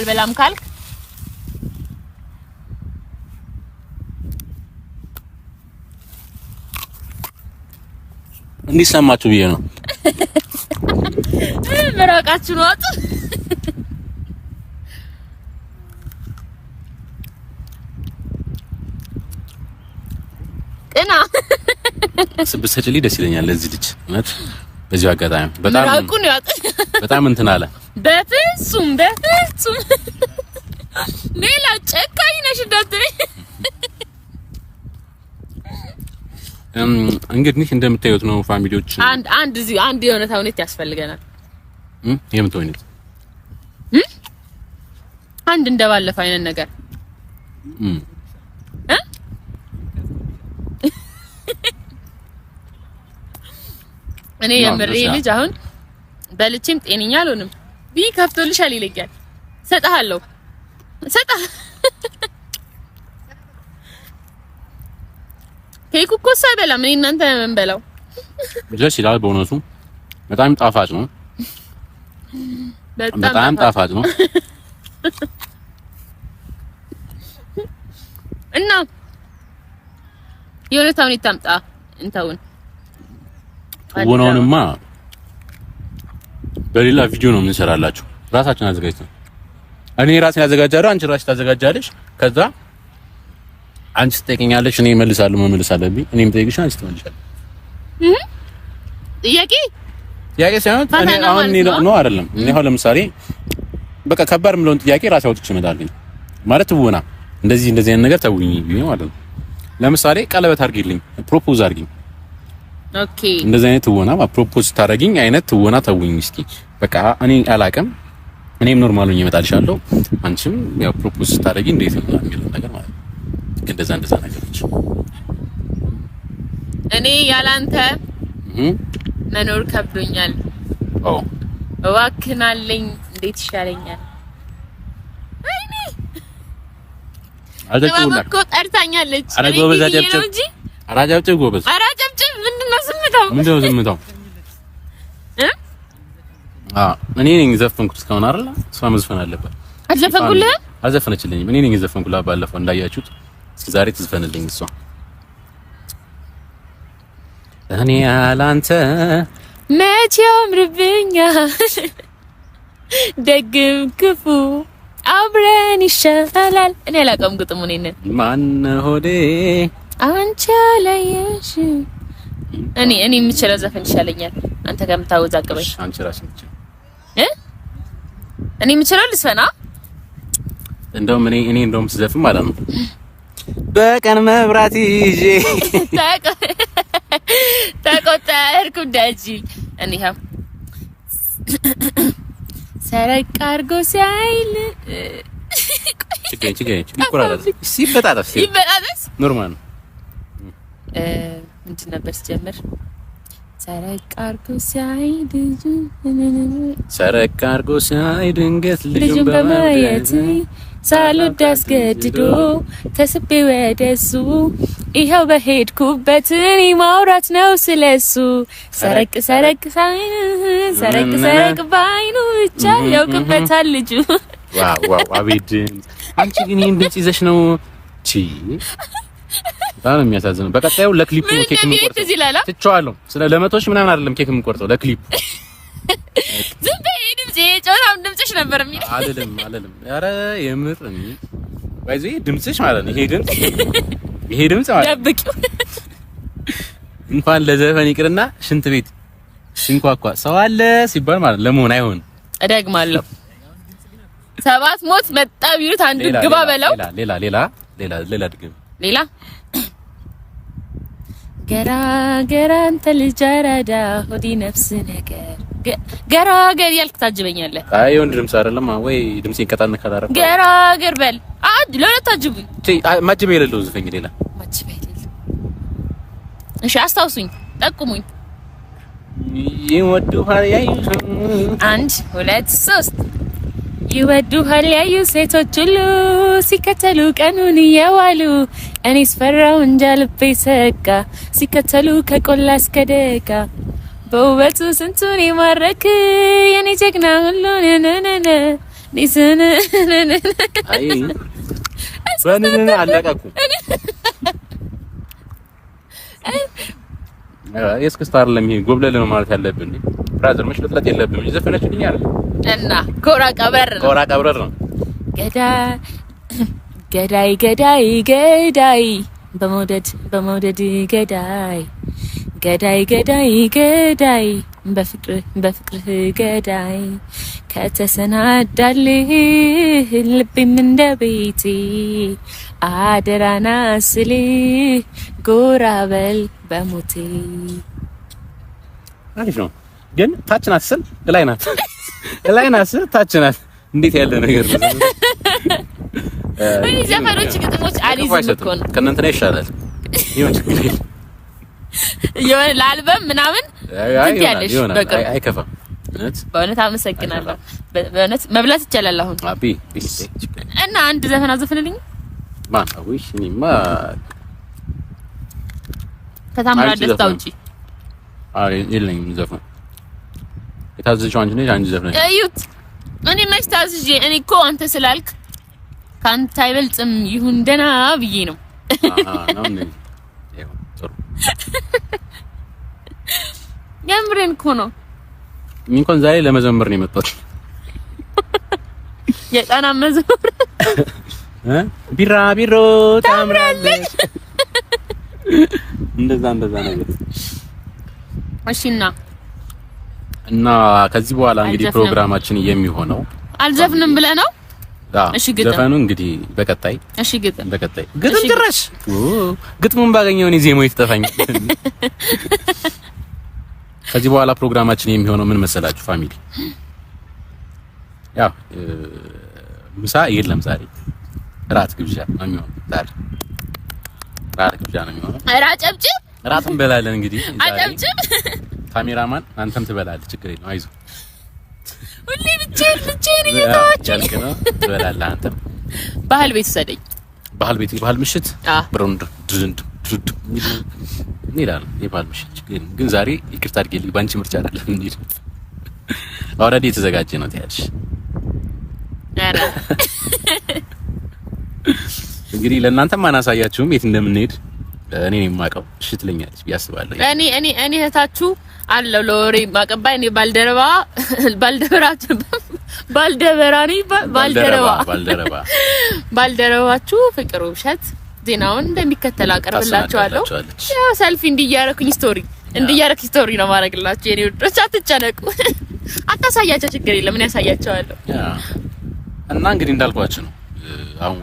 አልበላም ካልክ እንዲሰማችሁ ብዬ ነው። ምራቃችሁ ነው። አጥ ቅና ስብሰድልኝ ደስ ይለኛል። ለዚህ ልጅ እውነት በዚሁ አጋጣሚ በጣም በጣም እንትን አለ። በፍጹም በፍጹም በፍጹም ሌላ ጨካኝ ነሽ እንዳትለኝ። እንግዲህ እንደምታዩት ነው ፋሚሊዎች፣ አንድ አንድ እዚህ አንድ የሆነ ተውኔት ያስፈልገናል። የምን ተውኔት? አንድ እንደባለፈው አይነት ነገር እኔ የምሬ ልጅ አሁን በልቼም ጤንኛ አልሆንም። ቢ ከፍቶልሻል ይለኛል ሰጣለሁ ሰጣ ኬኩ እኮ ሳይበላም እኔ እናንተ የምንበላው ደስ ይላል። በእውነቱ በጣም ጣፋጭ ነው። በጣም ጣፋጭ ነው እና የሆነ ታውኔት ታምጣ እንተውን ትወናውንማ በሌላ ቪዲዮ ነው የምንሰራላችሁ ራሳችን አዘጋጅተን እኔ ራሴን አዘጋጃለሁ፣ አንቺ ራስሽ ታዘጋጃለሽ። ከዛ አንቺ ትጠይቀኛለሽ፣ እኔ እመልሳለሁ። መመለስ አለብኝ። እኔም ጠይቅሽ፣ አንቺ ትመልሻለሽ። ጥያቄ ጥያቄ ሳይሆን እኔ አሁን ነው አይደለም። እኔ አሁን ለምሳሌ በቃ ከባድ የምለውን ጥያቄ ራሴ አውጥቼ እመጣለሁ ማለት ትወና እንደዚህ እንደዚህ አይነት ነገር ተውኝ ማለት ነው። ለምሳሌ ቀለበት አድርጊልኝ፣ ፕሮፖዝ አድርጊኝ። ኦኬ እንደዚህ አይነት ትወና ፕሮፖዝ ታደርጊኝ አይነት ትወና ተውኝ። እስኪ በቃ እኔ አላቅም እኔም ኖርማል ሆኜ እመጣልሻለሁ። አንቺም ያው ፕሮፖዝ ስታደርጊ እንዴት ነው የሚለው ነገር ማለት ነው። እንደዛ እንደዛ ነገሮች እኔ ያላንተ መኖር ከብዶኛል። ኦ እባክናለኝ፣ እንዴት ይሻለኛል? አይኔ አደረገውላ እኮ ጠርታኛለች። አረጋው በዛ ጨብጨብ፣ አራጃው ጨብጨብ፣ ጎበዝ፣ አራጃው ጨብጨብ። ምንድነው ዝምታው? ምንድነው ዝምታው? እኔ ነኝ ዘፈንኩት እስካሁን አይደለ? እሷ መዝፈን አለባት። አዘፈንኩልህ? አልዘፈነችልኝም። እኔ ነኝ ዘፈንኩላት ባለፈው እንዳያችሁት። እስኪ ዛሬ ትዝፈንልኝ እሷ። እኔ ያላንተ መቼ ያምርብኛል፣ ደግም ክፉ አብረን ይሻላል። እኔ አላውቀውም ግጥሙ። እኔን ማን ሆዴ አንቺ አለየሽ። እኔ እኔ የምችለው ዘፈን ይሻለኛል። አንተ ጋር የምታወዛቅበኝ አንቺ ራስሽ እኔ የምችለው ልስፈና። እንደውም እኔ እኔ እንደውም ስዘፍን ማለት ነው በቀን መብራት ይዤ ተቆጣርኩ ዳጂ እኔ ሰረቅ አድርጎ ሲያይል ችግኝ ችግኝ ይቆራረጥ ምንድን ነበር ሲጀምር ሰረቅ አርጎ ሲያይ ድንገት ልጁን በማየት ሳልወድ አስገድዶ ተስቤ ወደሱ ይኸው በሄድኩበት እኔ ማውራት ነው ስለሱ። ሰረቅ ሰረቅ ሳይን ሰረቅ ሰረቅ ባይኑ ብቻ ያውቅበታል ልጁ። ዋው ዋው! አቤት አንቺ ግን ይህን ድምጽ ይዘሽ ነው ቺ በጣም የሚያሳዝነው በቀጣዩ ለክሊፕ ነው ኬክ የምቆርጠው። እዚህ ትቼዋለሁ። ስለ ለመቶ ሺህ ምናምን አይደለም ኬክ የምቆርጠው ለክሊፕ ዝም በይ። ድምጽ ድምጽሽ ነበር የሚል አይደለም አይደለም። ኧረ የምር ድምጽሽ ማለት ነው። ይሄ ድምጽ ይሄ ድምጽ ማለት ደብቂው እንኳን ለዘፈን ይቅርና ሽንት ቤት ሲንኳኳ ሰው አለ ሲባል ማለት ለመሆን አይሆን። እደግማለሁ ሰባት ሞት መጣ ቢሉት አንዱ ግባ በለው ሌላ ሌላ ሌላ ሌላ ሌላ ገራ ገራ አንተ ልጅ አራዳ ሆዲ ነፍስ ነገር ገራ ገር ያልክ ታጅበኛለህ። አይ ወንድ ድምጽ አይደለም ወይ ድምጽ ይንቀጣን ካላረ ገራ ገር በል አድ ለሁለት ታጅቡ ማጅበ የሌለው ዝፈኝ ሌላ ማጅበ የሌለው እሺ፣ አስታውሱኝ፣ ጠቁሙኝ። ይወዱ አንድ ሁለት ሶስት ይወዱሃል ያዩ ሴቶች ሁሉ ሲከተሉ ቀኑን እየዋሉ እኔስ ፈራው እንጃ ልቤ ሰጋ ሲከተሉ ከቆላ እስከ ደጋ በውበቱ ስንቱን ይማረክ የኔ ጀግና ሁሉ ነነነ ኒስነ ነነነ አለቀኩ የስክ ስታር ለምን ጎብለል ነው ማለት ያለብን? ብራዘር ምሽ ልጥለት የለብም ዘፈነችልኝ አይደል? እና ኮራ ቀብረር ነው ኮራ ቀብረር ነው። ገዳይ ገዳይ ገዳይ በመውደድ በመውደድ ገዳይ ገዳይ ገዳይ ገዳይ በፍቅር በፍቅር ገዳይ ከተሰናዳልህ ልቤም እንደ ቤቴ አደራና ስሊ ጎራበል በል በሞቴ አሪፍ ነው። ግን ታች ናት ስል ላይ ናት፣ ላይ ናት ስል ታች ናት። እንዴት ያለ ነገር ነው! ወይ ዘፈኖች፣ ግጥሞች አሪፍ እኮ ነው። ከእናንተና ይሻላል። ይሁን የሆነ ለአልበም ምናምን ትያለሽ። በቅርብ አይከፋም። በእውነት አመሰግናለሁ። በእውነት መብላት ይቻላል አሁን። እና አንድ ዘፈን አዘፍንልኝ። ማታዊሽ እኔማ ከታምራ ደስታ ውጪ አይ የለኝም ዘፈን። የታዘዝሽው አንቺ ነሽ። አንቺ ዘፈን እዩት። እኔ መች ታዝዤ? እኔ እኮ አንተ ስላልክ ከአንተ አይበልጥም ይሁን ደህና ብዬ ነው። የምሬን እኮ ነው። እኔ እንኳን ዛሬ ለመዘመር ነው የመጣሁት የጣና መዘመር ቢራ ቢሮ ታምራለች። እንደዛ እንደዛ ነገር እሺና እና ከዚህ በኋላ እንግዲህ ፕሮግራማችን የሚሆነው አልዘፍንም ብለ ነው። እሺ ግጥም ዘፈኑ እንግዲህ በቀጣይ እሺ ግጥም በቀጣይ ግጥም ጭራሽ ግጥሙን ባገኘው እኔ ዜማው ይተፈኝ። ከዚህ በኋላ ፕሮግራማችን የሚሆነው ምን መሰላችሁ ፋሚሊ? ያው ምሳ የለም ዛሬ እራት ግብዣ ነው የሚሆነው። ታዲያ እራት ግብዣ ነው የሚሆነው። ኧረ አጨብጭብ! እራት እንበላለን እንግዲህ። አጨብጭብ! ካሜራማን አንተም ትበላለህ፣ ችግር የለውም አይዞህ። ሁሌ ብቻዬን ብቻዬን እየተዋችሁ ነው። ትበላለህ አንተም። ባህል ቤት ሰደኝ ባህል ቤት የባህል ምሽት ብሩን ድንድ ድንድ ይላል። የባህል ምሽት ችግር ግን ዛሬ ይቅርታ አድርጌልኝ፣ ባንቺ ምርጫ አይደለም እንዴ። አውራዴ የተዘጋጀ ነው ትያለሽ እንግዲህ ለእናንተም አናሳያችሁም የት እንደምንሄድ እኔ ነው የማውቀው። እሺ ትለኛለች ብዬ እኔ እኔ እኔ እህታችሁ አለ ለወሬ ማቀባይ እኔ ባልደረባ ባልደረባችሁ ባልደረባ ነኝ ባልደረባ ባልደረባ ባልደረባችሁ ፍቅር ውብሸት ዜናውን እንደሚከተል አቀርብላችኋለሁ። ያው ሰልፊ እንዲያረኩኝ ስቶሪ እንዲያረክ ስቶሪ ነው ማረግላችሁ። የኔ ውዶች አትጨነቁ፣ አታሳያቸው፣ ችግር የለም እኔ ያሳያቸዋለሁ። እና እንግዲህ እንዳልኳችሁ ነው አሁን